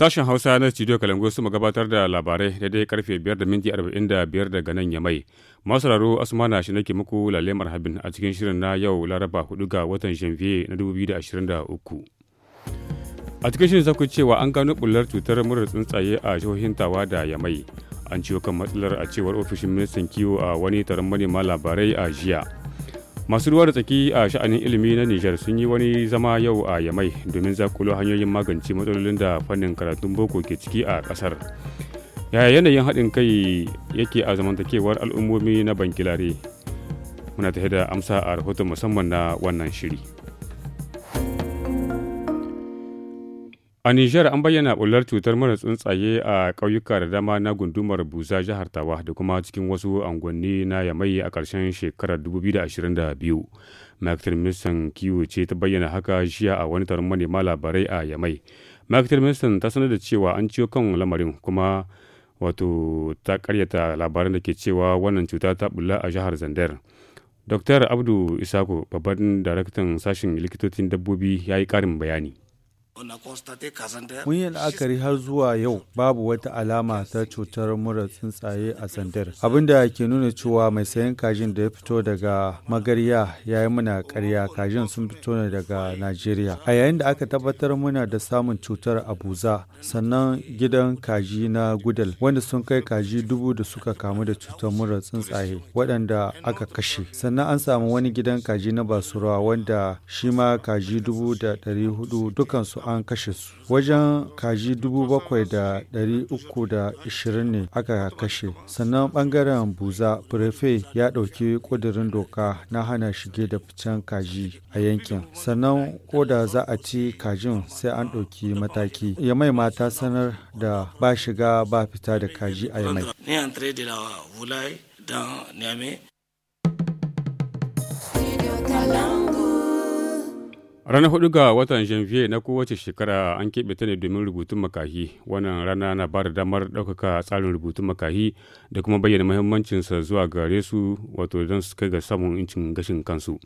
Sashen Hausa na Studio kalangu su gabatar da labarai daidai karfe 5 da minti 45 daga nan Yamai. Masu raro Asmana shi nake muku lalle marhabin a cikin shirin na yau Laraba 4 ga watan Janvier na 2023. A cikin shirin za ku cewa an gano bullar cutar murar tsuntsaye a jihohin Tawa da Yamai. An ciwo kan matsalar a cewar ofishin ministan kiwo a wani taron manema labarai a jiya. masu ruwa da tsaki a sha'anin ilimi na nijar sun yi wani zama yau a yamai domin zakulo hanyoyin magance matsalolin da fannin karatun boko ke ciki a kasar yaya yanayin haɗin kai yake a zamantakewar al'ummomi na bangilare muna tafiya da amsa a rahoton musamman na wannan shiri A Nijar an bayyana bular cutar mara tsuntsaye a ƙauyuka da dama na gundumar Buza jihar Tawa da kuma cikin wasu angwanni na Yamai a ƙarshen shekarar 2022. Maktar Ministan Kiwo ce ta bayyana haka jiya a wani taron manema labarai a Yamai. Maktar Ministan ta sanar da cewa an ciyo kan lamarin kuma wato ta karyata labaran da ke cewa wannan cuta ta bulla a jihar Zandar. Dr. Abdu Isako, babban daraktan sashen likitocin dabbobi, ya yi ƙarin bayani. Mun yi la'akari har zuwa yau babu wata alama ta cutar mura tsuntsaye a sandar. Abin da ke nuna cewa mai sayan kajin da ya fito daga magarya ya yi muna karya kajin sun fito ne daga Najeriya. A yayin da aka tabbatar muna da samun cutar abuza sannan gidan kaji na gudal wanda sun kai kaji dubu da suka kamu da cutar mura tsuntsaye waɗanda aka kashe. Sannan an samu wani gidan kaji na basura wanda shi ma kaji dubu da ɗari hudu dukansu an kashe su wajen kaji dubu bakwai da da uku 7,320 ne aka kashe sannan bangaren buza prefe ya ɗauki ƙudurin doka na hana shige da ficen kaji a yankin sannan ko da za a ci kajin sai an ɗauki mataki yamai mata sanar da ba shiga ba fita da kaji a yamai Ranar hudu ga watan Janvier na kowace shekara an keɓe ta ne domin rubutun makahi. Wannan rana na ba da damar ɗaukaka tsarin rubutun makahi da kuma bayyana mahimmancinsa zuwa gare su wato don su kai ga samun incin gashin kansu.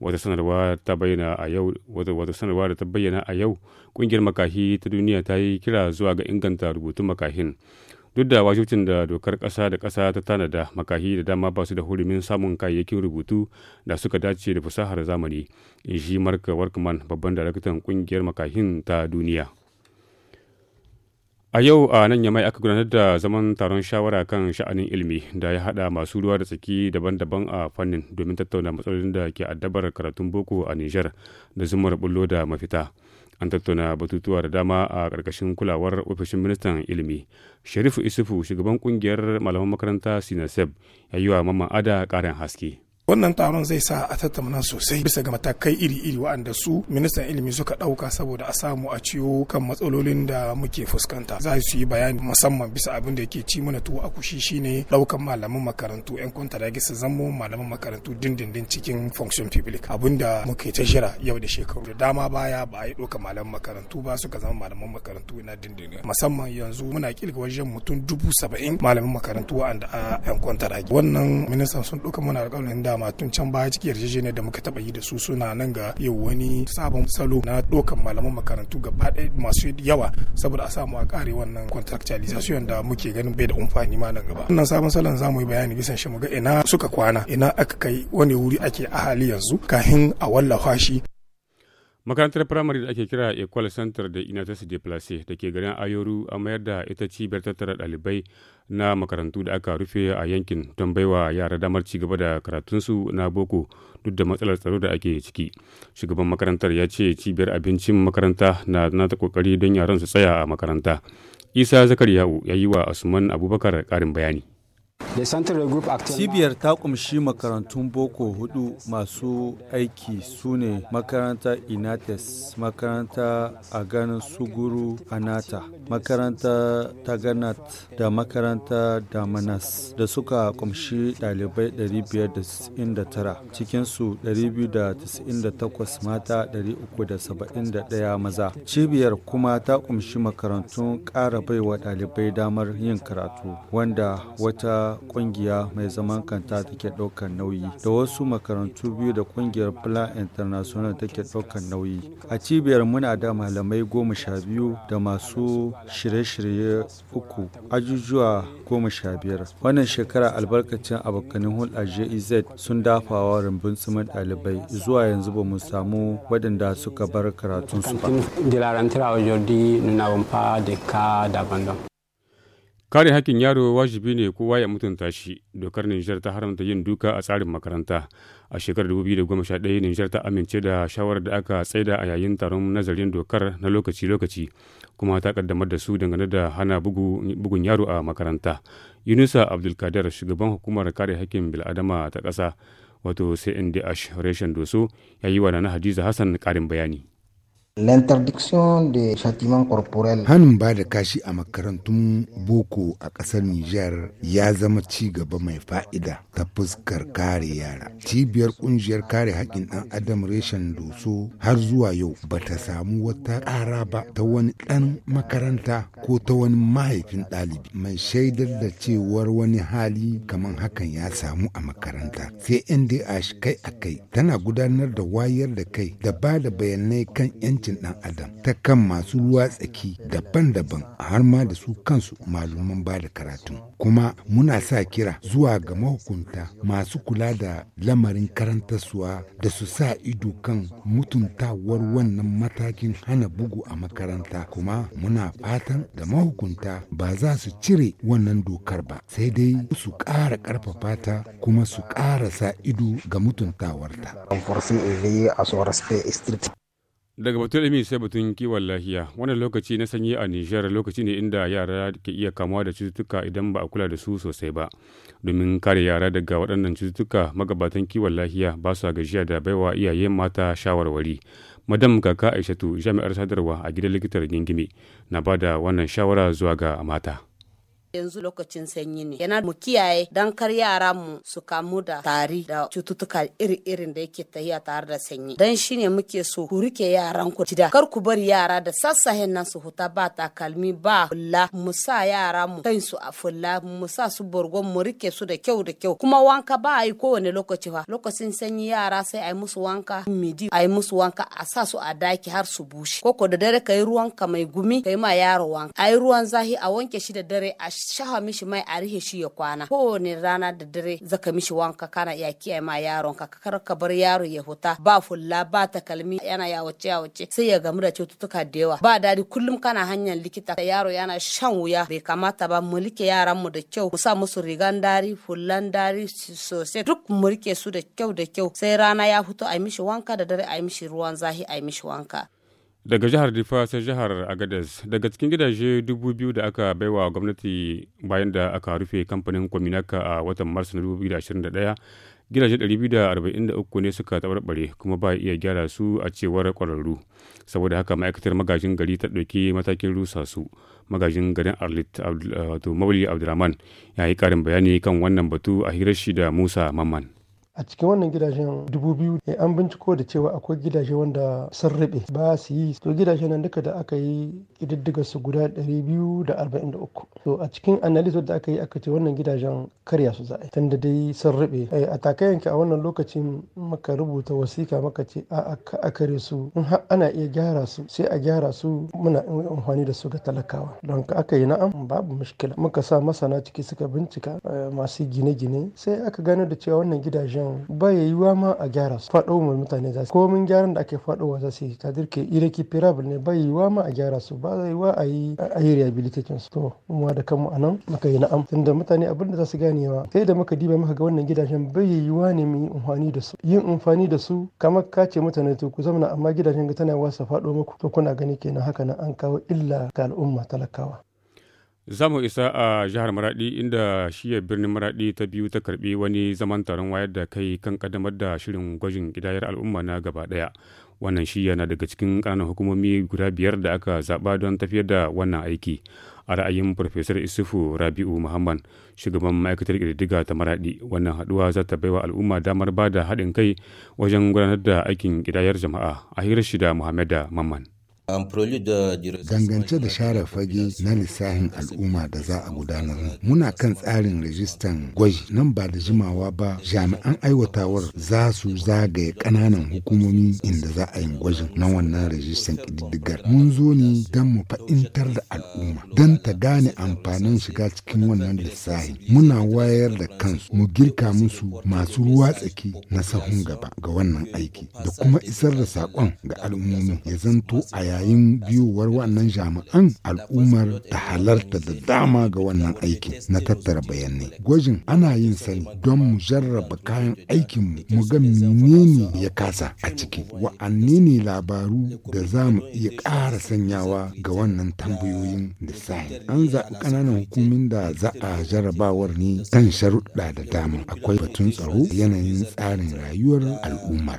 Wata sanarwa ta bayyana a yau wata sanarwa da ta bayyana a yau ƙungiyar makahi ta duniya ta yi kira zuwa ga inganta rubutun makahin. duk da wajibcin da dokar ƙasa da ƙasa ta tanada makahi da dama ba su da hurumin samun kayayyakin rubutu da suka dace da fasahar zamani in shi marka workman babban daraktan ƙungiyar makahin ta duniya a yau a nan yamai aka gudanar da zaman taron shawara kan sha'anin ilimi da ya haɗa masu ruwa da tsaki daban-daban a fannin domin tattauna matsalolin da ke addabar karatun boko a nijar da zumar bullo da mafita an tattauna batutuwa da dama a ƙarƙashin kulawar ofishin ministan ilimi sharifu isufu shugaban ƙungiyar malaman makaranta sinaseb ya yi wa mamman ada ƙarin haske wannan taron zai sa a tattauna sosai bisa ga matakai iri-iri waɗanda su ministan ilimi suka ɗauka saboda a samu a ciwo kan matsalolin da muke fuskanta za su yi bayani musamman bisa abin da yake ci mana tuwo a kushi shine ɗaukan malaman makarantu yan kwanta da su zamo malaman makarantu dindindin cikin function public abinda da muke ta jira yau da shekaru da dama baya ba a yi ɗauka malaman makarantu ba suka zama malaman makarantu na dindindin musamman yanzu muna kirga wajen mutum dubu saba'in malaman makarantu waɗanda a yan wannan ministan sun ɗauka muna alƙawarin da dama tun can baya ciki yarjejeniyar da muka taba yi da su suna nan ga yau wani sabon salo na dokan malaman makarantu gaba ɗaya masu yawa saboda a samu a kare wannan contractualization da muke ganin bai da amfani ma nan gaba wannan sabon salon zamu yi bayani bisan shi ga ina suka kwana ina aka kai wani wuri ake a hali yanzu kafin a wallafa shi makarantar firamare da ake kira ecole center da inatasi de place da ke garin ayoru a mayar da ita cibiyar tattara ɗalibai na makarantu da aka rufe a yankin don baiwa yara damar ci gaba da karatunsu na boko duk da matsalar tsaro da ake ciki shugaban makarantar ya ce cibiyar abincin makaranta na nata kokari don yaran su tsaya a makaranta isa zakariya'u ya yi wa usman abubakar karin bayani Cibiyar ta kumshi makarantun boko hudu masu aiki su ne makaranta Inates, makaranta ganin Suguru Anata, makaranta Taganat da makaranta Damanas da suka kumshi dalibai 599 cikinsu 298 mata 371 maza. Cibiyar kuma ta kumshi makarantun ƙara baiwa dalibai damar yin karatu wanda wata ƙungiya kungiya mai zaman kanta take ɗaukar nauyi da wasu makarantu biyu da kungiyar Plan International take ɗaukan nauyi. A cibiyar muna da malamai goma sha biyu da masu shirye-shirye uku ajujuwa goma sha biyar. Wannan shekara albarkacin abokanin hulɗa JEZ sun dafawa rumbun tsumin ɗalibai zuwa yanzu ba mu samu waɗanda suka bar karatunsu ba. Kare hakkin yaro wajibi ne kowa ya mutunta shi. Dokar Nijar ta haramta yin duka a tsarin makaranta. A shekarar 2011 Nijar ta amince da shawarar da aka tsaida a yayin taron nazarin dokar na lokaci-lokaci kuma ta kaddamar da su dangane da hana bugun yaro a makaranta. Yunusa Abdulkadir shugaban hukumar kare hakkin bil'adama ta ƙasa wato CNDH reshen doso ya yi wa Nana Hadiza Hassan karin bayani. L'interdiction des châtiment corporel. Hannun ba da kashi a makarantun boko a ƙasar Nijar ya zama ci gaba mai fa'ida ta fuskar kare yara. Cibiyar ƙungiyar kare haƙƙin ɗan Adam reshen doso har zuwa yau ba ta samu wata ƙara ba ta wani ɗan makaranta ko ta wani mahaifin ɗalibi mai shaidar da cewar wani hali kamar hakan ya samu a makaranta. Sai kai a kai tana gudanar da wayar da kai da ba da bayanai kan 'yanci yancin ɗan adam ta kan masu ruwa tsaki daban-daban har ma da su kansu malaman ba da karatu kuma muna sa kira zuwa ga mahukunta masu kula da lamarin karantarsuwa da su sa ido kan mutuntawar wannan matakin hana bugu a makaranta kuma muna fatan da mahukunta ba za su cire wannan dokar ba sai dai su ƙara ƙarfafa ta kuma su ƙara sa ido ga mutuntawarta. Daga batun ilimi sai batun kiwon lafiya. Wannan lokaci na sanyi a Nijar lokaci ne inda yara ke iya kamuwa da cututtuka idan ba a kula da su sosai ba. Domin kare yara daga waɗannan cututtuka magabatan kiwon lafiya ba su gajiya da baiwa iyayen mata shawarwari. Madam Kaka Aishatu jami'ar sadarwa a gidan likitar Gingimi na bada wannan shawara zuwa ga mata. yanzu lokacin sanyi ne yana mu kiyaye dan kar yara mu su kamu da tari da cututtuka iri-irin da yake tahiya tare da sanyi dan shine muke so ku rike yaran ku kar ku bari yara da sassahen nan su huta ba takalmi ba kula mu sa yara mu kai su a fulla mu sa su borgon mu rike su da kyau da kyau kuma wanka ba a yi kowane lokaci fa lokacin sanyi yara sai a yi musu wanka midi a yi musu wanka a sa su a daki har su bushe koko da dare ka yi ruwanka mai gumi ka yi ma yaro wanka a yi ruwan zahi a wanke shi da dare a shaha mishi mai a rihe shi ya kwana kowane rana da dare zaka mishi wanka kana iya kiyaye ma yaron ka kar ka bar yaro ya huta ba fulla ba takalmi yana ya wuce. sai ya gamu da cututtuka da yawa ba dadi kullum kana hanyar likita yaro yana shan wuya bai kamata ba mu rike yaran mu da kyau mu sa musu rigan dari fullan dari sosai duk mu rike su da kyau da kyau sai rana ya fito a mishi wanka da dare a mishi ruwan zahi a mishi wanka daga jihar difa sai jihar agadez daga cikin gidaje dubu biyu da aka baiwa gwamnati bayan da aka rufe kamfanin kwaminaka a watan mars na daya gidaje da da arba'in uku ne suka tabarbare kuma ba iya gyara su a cewar kwararru saboda haka ma'aikatar magajin gari ta ɗauki matakin rusa su magajin garin arlit wato mauli abdulrahman ya yi karin bayani kan wannan batu a hirar shi da musa mamman A cikin wannan gidajen dubu biyu an binciko da cewa akwai gidaje wanda sun rabe ba su yi to gidajen nan duka da aka yi ƙididdiga su guda 243. To a cikin analysis da aka yi aka ce wannan gidajen karya su za a yi tunda dai sun rabe. Eh, a takayanki a wannan lokacin maka rubuta wasika maka ce a aka kare su in har ana iya gyara su sai a gyara su muna amfani da su ga talakawa. Don ka aka yi na'am babu mushkila muka sa masana ciki suka bincika eh, masu gine-gine sai aka gano da cewa wannan gidajen yawan bai yiwuwa ma a gyara su faɗo mu mutane za su komin gyaran da ake faɗo wa za su yi kadir ke firabul ne bai yiwuwa ma a gyara su ba zai yiwuwa a yi a yi rehabilitation su to mu da kanmu a nan muka yi na'am tunda mutane abin da za su gane wa sai da muka diba muka ga wannan gidajen bai yiwuwa ne mu yi amfani da su yin amfani da su kamar ka ce mutane to ku zamana amma gidajen ga tana wasa faɗo muku to kuna gani kenan haka nan an kawo illa ga al'umma talakawa Za mu isa a jihar Maradi inda shiyar birnin Maradi ta biyu ta karbi wani zaman taron wayar da kai kan kaddamar da shirin gwajin gidayar al'umma na gaba daya. Wannan shiya na daga cikin ƙananan hukumomi guda biyar da aka zaɓa don tafiyar da wannan aiki. A ra'ayin Farfesar Isufu Rabi'u Muhammad, shugaban ma'aikatar ƙididdiga ta Maradi, wannan haɗuwa za ta baiwa al'umma damar ba da haɗin kai wajen gudanar da aikin ƙidayar jama'a a hirar shida Muhammad Mamman. Dangance da share fage na lissafin al'umma da za a gudanar muna kan tsarin rajistan gwaji nan ba da jimawa ba jami'an aiwatawar za su zagaye ƙananan hukumomi inda za a yi gwajin na wannan rajistan ƙididdigar. Mun zo ne don mu fa'intar da al'umma don ta gane amfanin shiga cikin wannan lissafi. Muna wayar da kansu mu girka musu masu ruwa tsaki na sahun gaba ga wannan aiki da kuma isar da saƙon ga al'ummomin ya zanto a yayin biyowar wannan jami'an al'ummar ta halarta da dama ga wannan aikin na tattara bayanai. Gwajin ana yin sani don mu jarraba kayan aikin mu ga menene ya kasa a ciki, wa'anne ne labaru da za mu iya ƙara sanyawa ga wannan tambayoyin lissafi. An zaɓi ƙananan hukumin da za a jarrabawar ne kan sharuɗa da dama. Akwai batun tsaro yanayin tsarin rayuwar al'umma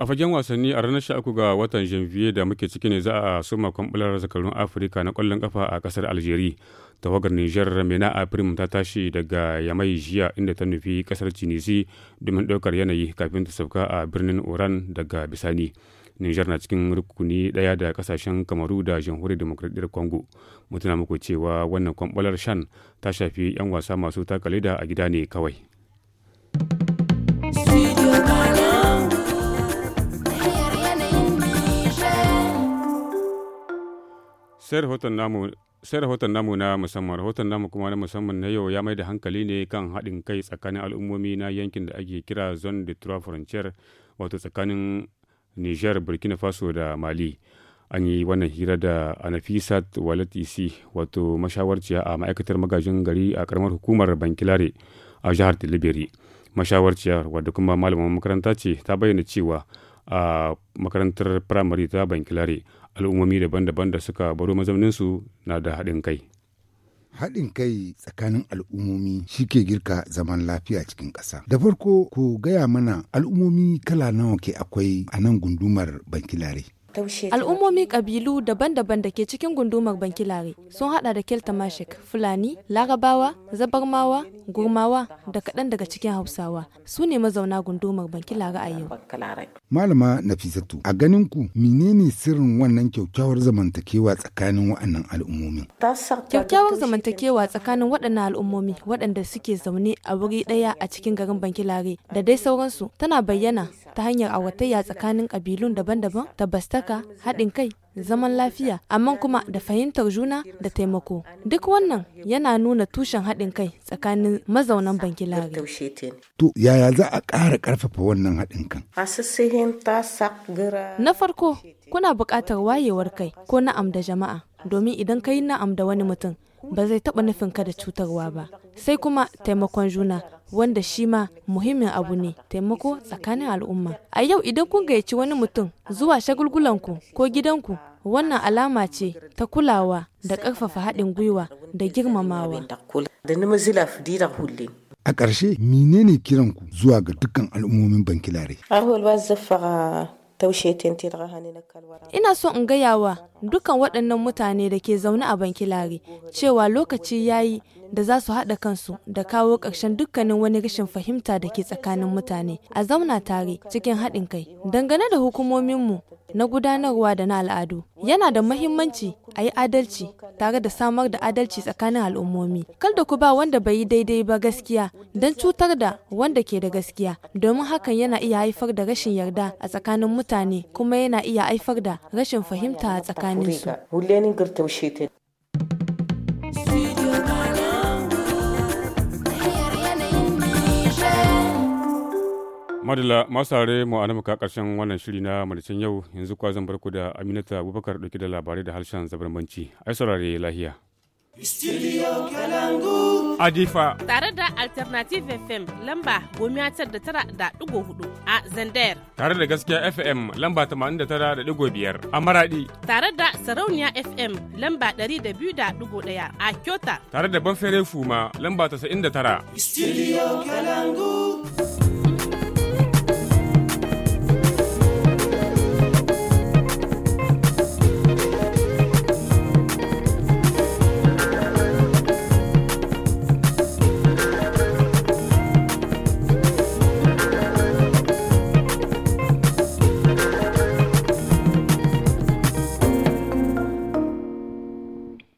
a fagen wasanni a ranar 13 ga watan janvier da muke ciki ne za a suma kwambular zakarun afirka na kwallon ƙafa a kasar algeria tawagar niger mena a ta tashi daga yamai jiya inda ta nufi kasar tunisi domin daukar yanayi kafin ta sauka a birnin oran daga bisani niger na cikin rukuni ɗaya da ƙasashen kamaru da jamhuriyar demokradiyyar congo mutuna muku cewa wannan kwambular shan ta shafi 'yan wasa masu takalida a gida ne kawai sai rahoton namu sai rahoton namu na musamman rahoton namu kuma na musamman na yau ya mai da hankali ne kan haɗin kai tsakanin al'ummomi na yankin da ake kira zone de trois frontières wato tsakanin niger burkina faso da mali an yi wannan hira da anafisat walatisi wato mashawarciya a ma'aikatar magajin gari a karamar hukumar bankilare a jihar tilibiri mashawarciyar wadda kuma malamin makaranta ce ta bayyana cewa a makarantar firamare ta bankilare al'ummomi daban-daban da suka baro mazauninsu na da haɗin kai haɗin kai tsakanin al'ummomi shi ke girka zaman lafiya cikin ƙasa. Da farko ku gaya mana al'ummomi kala nawa ke akwai a nan gundumar bankilare. Al'ummomi kabilu daban-daban da ke cikin gundumar bankilare sun haɗa da Kelta Fulani, Larabawa, Zabarmawa, Gurmawa da kaɗan daga cikin Hausawa su ne mazauna gundumar bankilare a yau. Malama Nafisatu, a ganin ku menene sirrin wannan kyakkyawar zamantakewa tsakanin waɗannan al'ummomi. Kyakkyawar zamantakewa tsakanin waɗannan al'ummomi waɗanda suke zaune a wuri ɗaya a cikin garin Bankilare da dai sauransu tana bayyana ta hanyar awatayya tsakanin ƙabilun daban-daban, tabbastaka, haɗin kai, zaman lafiya amma kuma da fahimtar juna da taimako duk wannan yana nuna tushen haɗin kai tsakanin mazaunan bankilari to yaya za a ƙara ƙarfafa wannan haɗin kan na farko kuna buƙatar wayewar kai ko na'am da jama'a domin idan ka yi na'am da wani mutum ba zai taɓa nufin ka da cutarwa ba sai kuma taimakon juna wanda shi ma muhimmin abu ne taimako tsakanin al'umma a yau idan kun gayyaci wani mutum zuwa shagulgulanku ko gidanku wannan alama ce ta kulawa da ƙarfafa haɗin gwiwa da girmamawa a ƙarshe menene kiranku zuwa ga dukkan al'ummomin bankilare Ina so in gaya wa dukkan waɗannan mutane da ke zaune a bankilare cewa lokaci ya yi da za su haɗa kansu da kawo ƙarshen dukkanin wani rashin fahimta da ke tsakanin mutane a zauna tare cikin haɗin kai dangane da hukumominmu na gudanarwa da na al'adu yana da mahimmanci a yi adalci tare da samar da adalci tsakanin al'ummomi kar da ku ba wanda bai yi daidai ba gaskiya don cutar da wanda ke da gaskiya domin hakan yana iya haifar da rashin yarda a tsakanin mutane kuma yana iya haifar da rashin fahimta a tsakanin su. madala masu tare mu a muka karshen wannan shiri na malicin yau yanzu kwa zan barku da aminata abubakar dauke da labarai da harshen zabarmanci ai saurare lahiya Studio Kalangu. Adifa. Tare da Alternative FM lamba gomiya da tara da digo hudu a Zandayar. Tare da gaskiya FM lamba tamanin da tara da digo biyar a Maradi. Tare da Sarauniya FM lamba dari da biyu da digo daya a Kyota. Tare da Banfere Fuma lamba tasa'in da tara. Studio Kalangu.